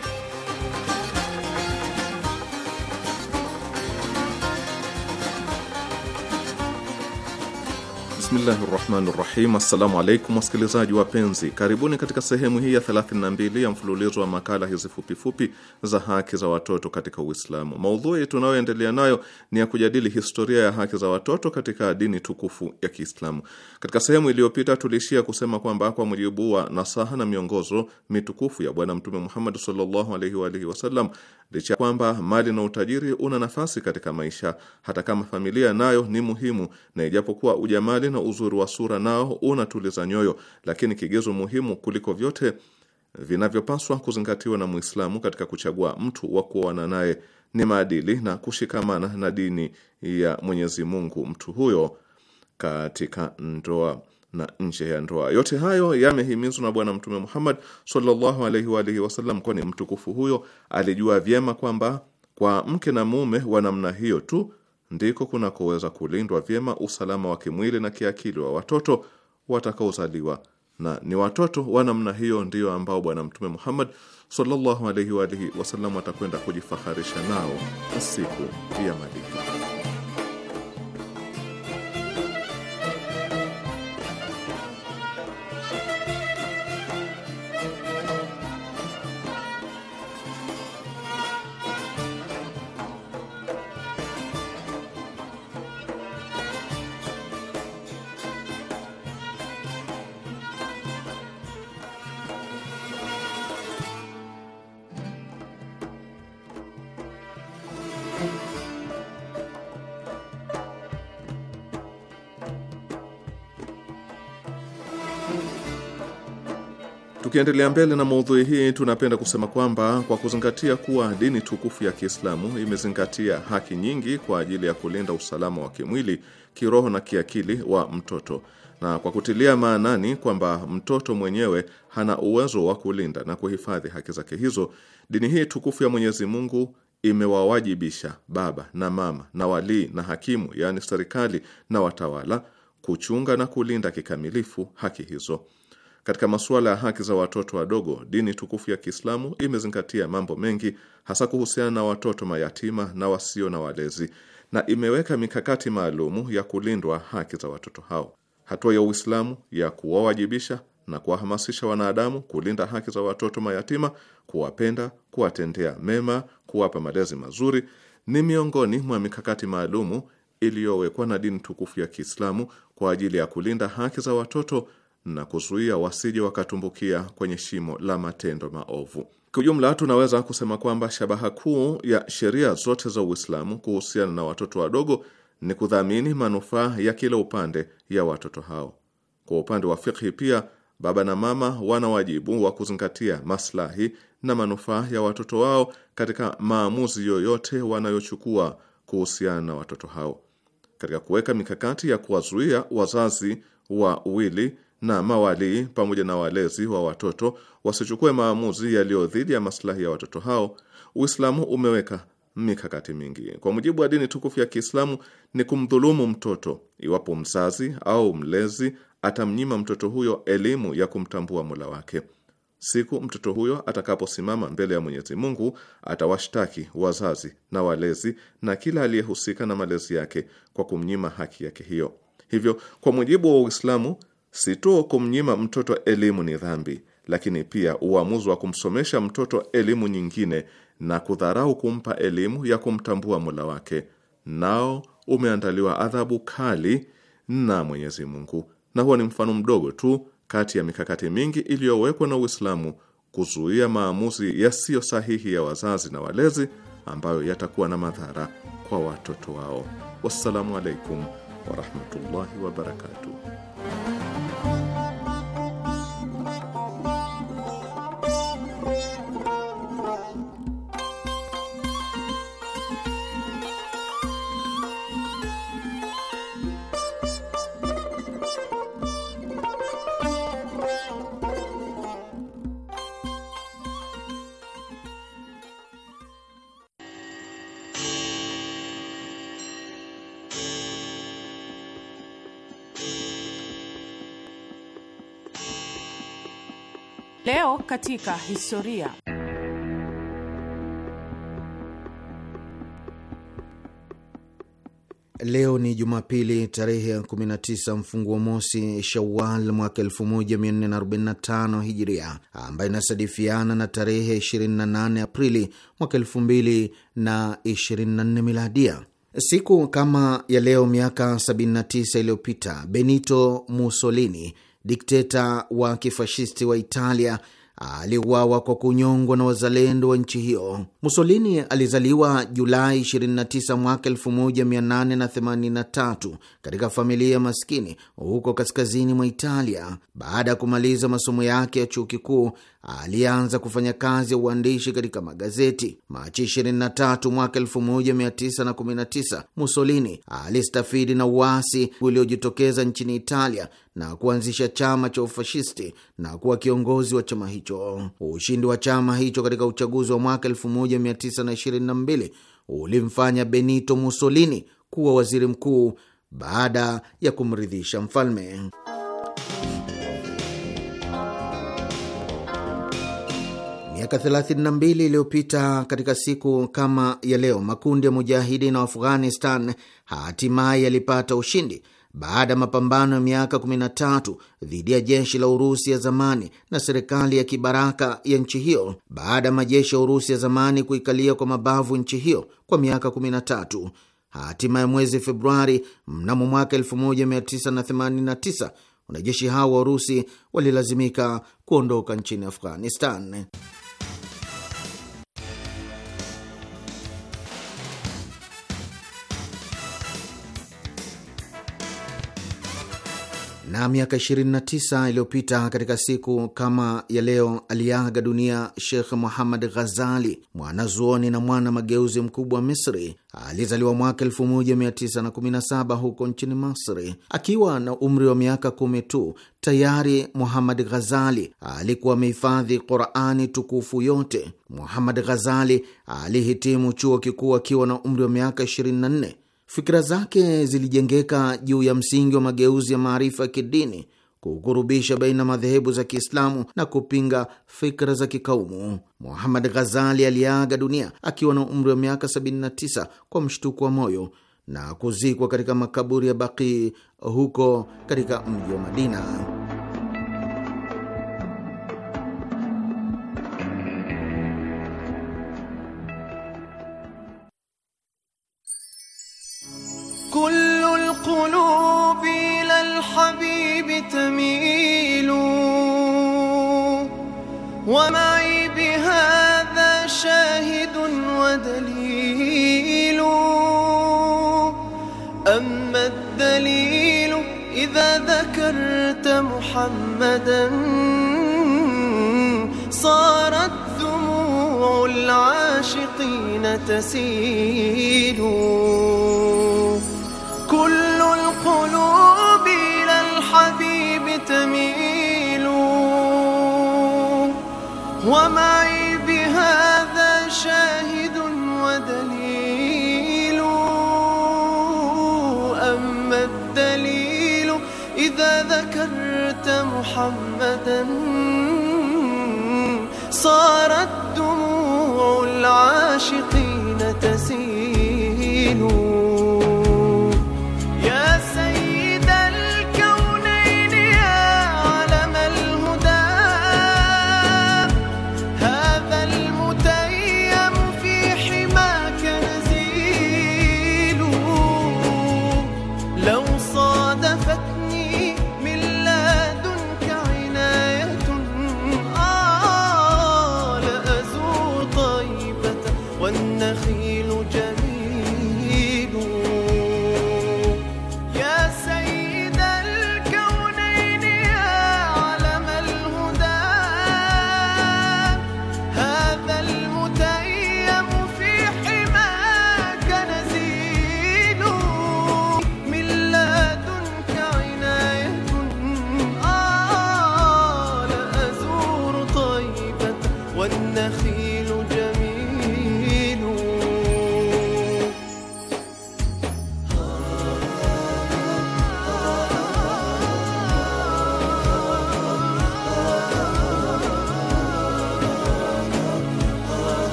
rahmani rahim. Assalamu alaikum wasikilizaji wapenzi, karibuni katika sehemu hii ya 32 ya mfululizo wa makala hizi fupifupi za haki za watoto katika Uislamu. Maudhui tunayoendelea nayo ni ya kujadili historia ya haki za watoto katika dini tukufu ya Kiislamu. Katika sehemu iliyopita, tuliishia kusema kwamba kwa mujibu wa nasaha na miongozo mitukufu ya Bwana Mtume Muhammad sallallahu alaihi wa alihi wasallam, licha ya kwamba mali na utajiri una nafasi katika maisha, hata kama familia nayo ni muhimu, na ijapokuwa ujamali na uzuri wa sura nao unatuliza nyoyo, lakini kigezo muhimu kuliko vyote vinavyopaswa kuzingatiwa na Muislamu katika kuchagua mtu wa kuoana naye ni maadili na kushikamana na dini ya Mwenyezi Mungu mtu huyo katika ndoa na nje ya ndoa. Yote hayo yamehimizwa na Bwana Mtume Muhammad sallallahu alaihi wa alihi wasallam, kwani mtukufu huyo alijua vyema kwamba kwa mke na mume wa namna hiyo tu ndiko kunakoweza kulindwa vyema usalama wa kimwili na kiakili wa watoto watakaozaliwa, na ni watoto wa namna hiyo ndiyo ambao Bwana Mtume Muhammad sallallahu alaihi wa alihi wasallam atakwenda kujifaharisha nao siku ya Maliki. Tukiendelea mbele na maudhui hii, tunapenda kusema kwamba kwa kuzingatia kuwa dini tukufu ya Kiislamu imezingatia haki nyingi kwa ajili ya kulinda usalama wa kimwili, kiroho na kiakili wa mtoto, na kwa kutilia maanani kwamba mtoto mwenyewe hana uwezo wa kulinda na kuhifadhi haki zake hizo, dini hii tukufu ya Mwenyezi Mungu imewawajibisha baba na mama na walii na hakimu, yaani serikali na watawala, kuchunga na kulinda kikamilifu haki hizo. Katika masuala ya haki za watoto wadogo, dini tukufu ya Kiislamu imezingatia mambo mengi, hasa kuhusiana na watoto mayatima na wasio na walezi, na imeweka mikakati maalumu ya kulindwa haki za watoto hao. Hatua ya Uislamu ya kuwawajibisha na kuwahamasisha wanadamu kulinda haki za watoto mayatima, kuwapenda, kuwatendea mema, kuwapa malezi mazuri ni miongoni mwa mikakati maalumu iliyowekwa na dini tukufu ya Kiislamu kwa ajili ya kulinda haki za watoto na kuzuia wasije wakatumbukia kwenye shimo la matendo maovu. Kiujumla, tunaweza kusema kwamba shabaha kuu ya sheria zote za Uislamu kuhusiana na watoto wadogo ni kudhamini manufaa ya kila upande ya watoto hao. Kwa upande wa fikhi pia, baba na mama wana wajibu wa kuzingatia maslahi na manufaa ya watoto wao katika maamuzi yoyote wanayochukua kuhusiana na watoto hao. Katika kuweka mikakati ya kuwazuia wazazi wawili na mawalii pamoja na walezi wa watoto wasichukue maamuzi yaliyo dhidi ya maslahi ya watoto hao, Uislamu umeweka mikakati mingi. Kwa mujibu wa dini tukufu ya Kiislamu, ni kumdhulumu mtoto iwapo mzazi au mlezi atamnyima mtoto huyo elimu ya kumtambua Mola wake. Siku mtoto huyo atakaposimama mbele ya Mwenyezi Mungu, atawashtaki wazazi na walezi na kila aliyehusika na malezi yake kwa kumnyima haki yake hiyo. Hivyo, kwa mujibu wa Uislamu, si tu kumnyima mtoto elimu ni dhambi, lakini pia uamuzi wa kumsomesha mtoto elimu nyingine na kudharau kumpa elimu ya kumtambua Mola wake, nao umeandaliwa adhabu kali na Mwenyezi Mungu. Na huo ni mfano mdogo tu kati ya mikakati mingi iliyowekwa na Uislamu kuzuia maamuzi yasiyo sahihi ya wazazi na walezi ambayo yatakuwa na madhara kwa watoto wao. Wassalamu alaikum warahmatullahi wabarakatuh. katika historia. Leo ni Jumapili tarehe 19 mfunguo mosi Shawal mwaka 1445 Hijiria, ambayo inasadifiana na tarehe 28 Aprili mwaka 2024 Miladia. Siku kama ya leo miaka 79 iliyopita, Benito Mussolini, dikteta wa kifashisti wa Italia aliuawa kwa kunyongwa na wazalendo wa nchi hiyo. Mussolini alizaliwa Julai 29 mwaka 1883 katika familia maskini huko kaskazini mwa Italia. Baada ya kumaliza masomo yake ya chuo kikuu, alianza kufanya kazi ya uandishi katika magazeti. Machi 23 mwaka 1919, Mussolini alistafidi na uasi uliojitokeza nchini Italia na kuanzisha chama cha ufashisti na kuwa kiongozi wa chama hicho. Ushindi wa chama hicho katika uchaguzi wa mwaka 1922 ulimfanya Benito Mussolini kuwa waziri mkuu baada ya kumridhisha mfalme. Miaka 32 iliyopita katika siku kama ya leo, makundi ya mujahidi na Afghanistan hatimaye yalipata ushindi baada ya mapambano ya miaka 13 dhidi ya jeshi la Urusi ya zamani na serikali ya kibaraka ya nchi hiyo, baada ya majeshi ya Urusi ya zamani kuikalia kwa mabavu nchi hiyo kwa miaka 13, hatimaye mwezi Februari mnamo mwaka 1989 wanajeshi hao wa Urusi walilazimika kuondoka nchini Afghanistan. Na miaka 29 iliyopita katika siku kama ya leo aliaga dunia Shekh Muhammad Ghazali, mwanazuoni na mwana mageuzi mkubwa wa Misri. Alizaliwa mwaka 1917 huko nchini Misri. Akiwa na umri wa miaka kumi tu tayari Muhammad Ghazali alikuwa amehifadhi Qurani tukufu yote. Muhammad Ghazali alihitimu chuo kikuu akiwa na umri wa miaka 24. Fikira zake zilijengeka juu ya msingi wa mageuzi ya maarifa ya kidini, kukurubisha baina madhehebu za Kiislamu na kupinga fikra za kikaumu. Muhammad Ghazali aliaga dunia akiwa na umri wa miaka 79 kwa mshtuko wa moyo na kuzikwa katika makaburi ya Baqi huko katika mji wa Madina. كل القلوب إلى الحبيب تميل ومعي بهذا شاهد ودليل أما الدليل إذا ذكرت محمدا صارت دموع العاشقين تسيل تميل ومعي بهذا شاهد ودليل أما الدليل إذا ذكرت محمدا صارت دموع العاشقين تسيل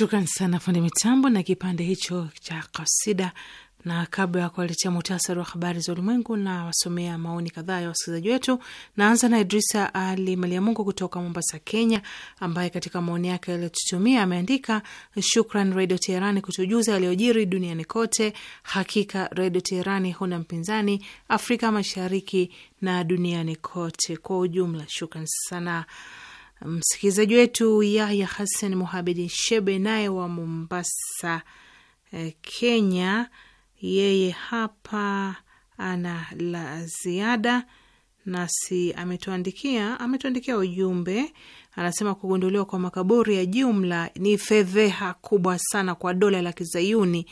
Shukran sana fundi mitambo na kipande hicho cha kasida. Na kabla ya kuwaletea muhtasari wa habari za ulimwengu, na wasomea maoni kadhaa ya wasikilizaji wetu. Naanza na Idrisa Ali Maliamungu kutoka Mombasa, Kenya, ambaye katika maoni yake aliyotutumia ameandika: shukran Redio Teherani kutujuza yaliyojiri duniani kote. Hakika Redio Teherani huna mpinzani Afrika Mashariki na duniani kote kwa ujumla. Shukran sana. Msikilizaji wetu Yahya Hasan Muhamedi Shebe naye wa Mombasa, eh, Kenya, yeye hapa ana la ziada nasi ametuandikia ametuandikia ujumbe anasema, kugunduliwa kwa makaburi ya jumla ni fedheha kubwa sana kwa dola la Kizayuni.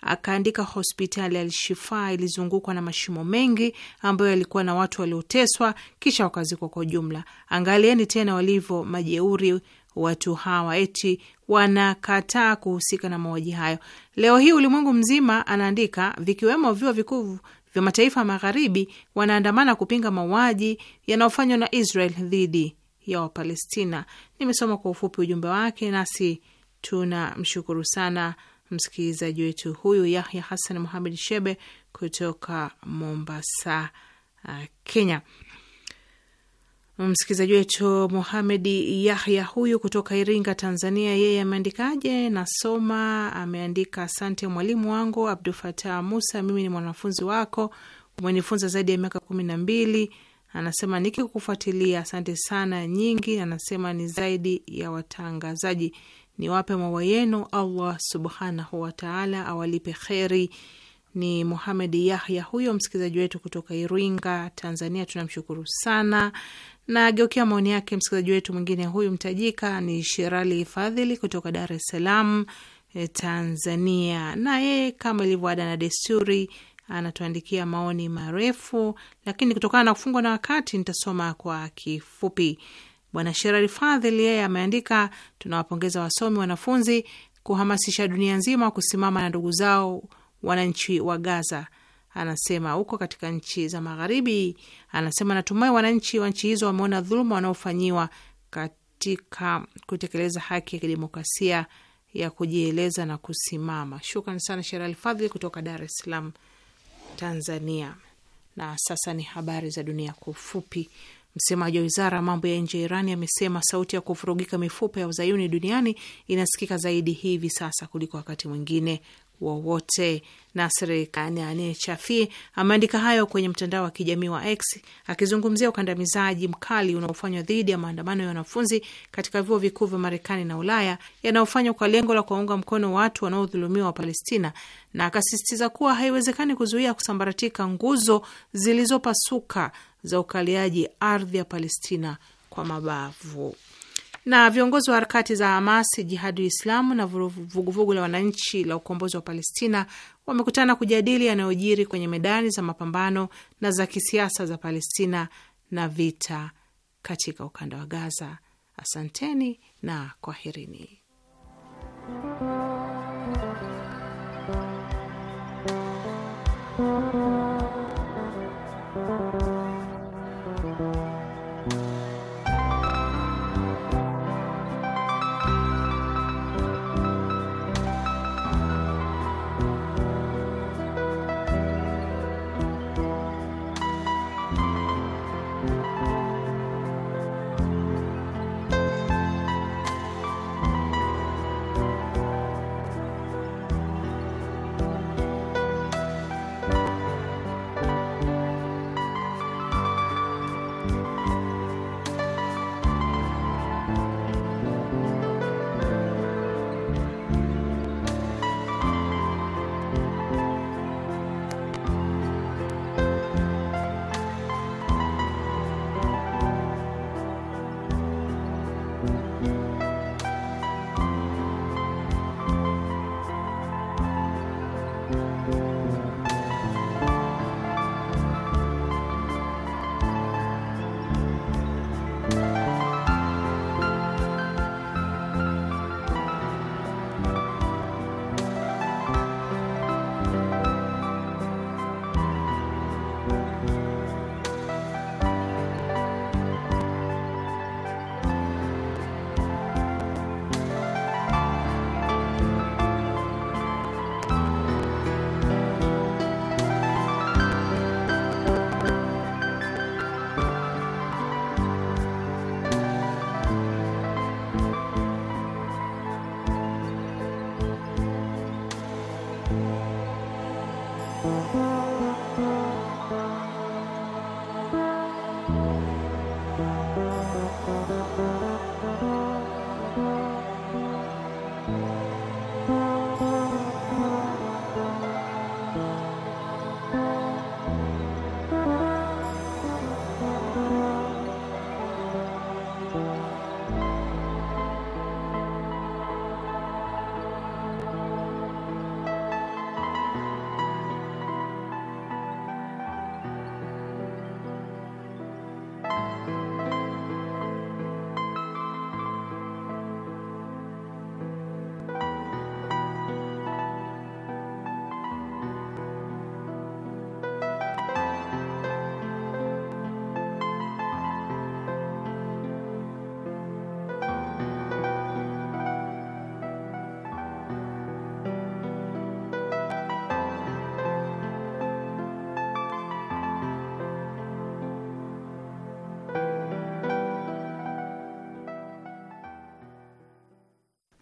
Akaandika, hospitali ya Alshifa ilizungukwa na mashimo mengi ambayo yalikuwa na watu walioteswa kisha wakazikwa kwa ujumla. Angalieni tena walivyo majeuri watu hawa, eti wanakataa kuhusika na mauaji hayo. Leo hii ulimwengu mzima, anaandika, vikiwemo vyuo vikuu vya mataifa ya magharibi wanaandamana kupinga mauaji yanayofanywa na Israel dhidi ya Wapalestina. Nimesoma kwa ufupi ujumbe wake, nasi tunamshukuru sana msikilizaji wetu huyu Yahya Hassan Muhamed Shebe kutoka Mombasa, uh, Kenya. Msikilizaji wetu Muhamedi Yahya huyu kutoka Iringa, Tanzania, yeye ameandikaje? Nasoma, ameandika asante mwalimu wangu Abdu Fatah Musa, mimi ni mwanafunzi wako, umenifunza zaidi ya miaka kumi na mbili. Anasema nikikufuatilia, asante sana nyingi. Anasema ni zaidi ya watangazaji, wape maua yenu, Allah subhanahu wataala awalipe kheri. Ni Mohamed Yahya huyo msikilizaji wetu kutoka Iringa, Tanzania, tunamshukuru sana. Na geukia maoni yake msikilizaji wetu mwingine huyu mtajika ni Shirali Fadhili kutoka Dar es Salaam, e, Tanzania. Na yeye kama ilivyo ada na desturi anatuandikia maoni marefu, lakini kutokana na kufungwa na wakati nitasoma kwa kifupi. Bwana Sherali Fadhili yeye ameandika, tunawapongeza wasomi wanafunzi kuhamasisha dunia nzima kusimama na ndugu zao wananchi wa Gaza. Anasema huko katika nchi za magharibi Anasema natumai wananchi wa nchi hizo wameona dhuluma wanaofanyiwa katika kutekeleza haki ya kidemokrasia ya kujieleza na kusimama. Shukran sana Sherali Fadhili kutoka Dar es Salaam, Tanzania. Na sasa ni habari za dunia kwa ufupi. Msemaji wa wizara ya mambo ya nje ya Irani amesema sauti ya kufurugika mifupa ya uzayuni duniani inasikika zaidi hivi sasa kuliko wakati mwingine wowote. Nasri Kanani Chafi ameandika hayo kwenye mtandao wa kijamii wa X akizungumzia ukandamizaji mkali unaofanywa dhidi ya maandamano ya wanafunzi katika vyuo vikuu vya Marekani na Ulaya yanayofanywa kwa lengo la kuwaunga mkono watu wanaodhulumiwa wa Palestina, na akasisitiza kuwa haiwezekani kuzuia kusambaratika nguzo zilizopasuka za ukaliaji ardhi ya Palestina kwa mabavu. Na viongozi wa harakati za Hamas, Jihadi Uislamu na vuguvugu la wananchi la ukombozi wa Palestina wamekutana kujadili yanayojiri kwenye medani za mapambano na za kisiasa za Palestina na vita katika ukanda wa Gaza. Asanteni na kwaherini.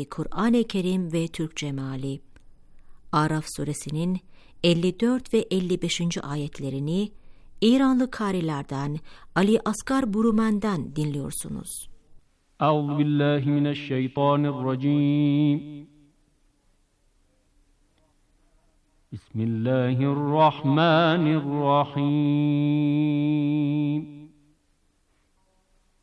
ettiği Kur'an-ı Kerim ve Türkçe meali. Araf suresinin 54 ve 55. ayetlerini İranlı karilerden Ali Asgar Burumen'den dinliyorsunuz. Euzu billahi mineşşeytanirracim. Bismillahirrahmanirrahim.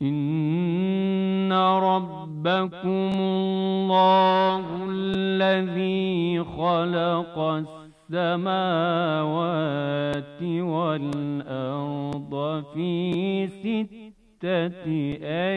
إن ربكم الله الذي خلق السماوات والأرض في ستة أيام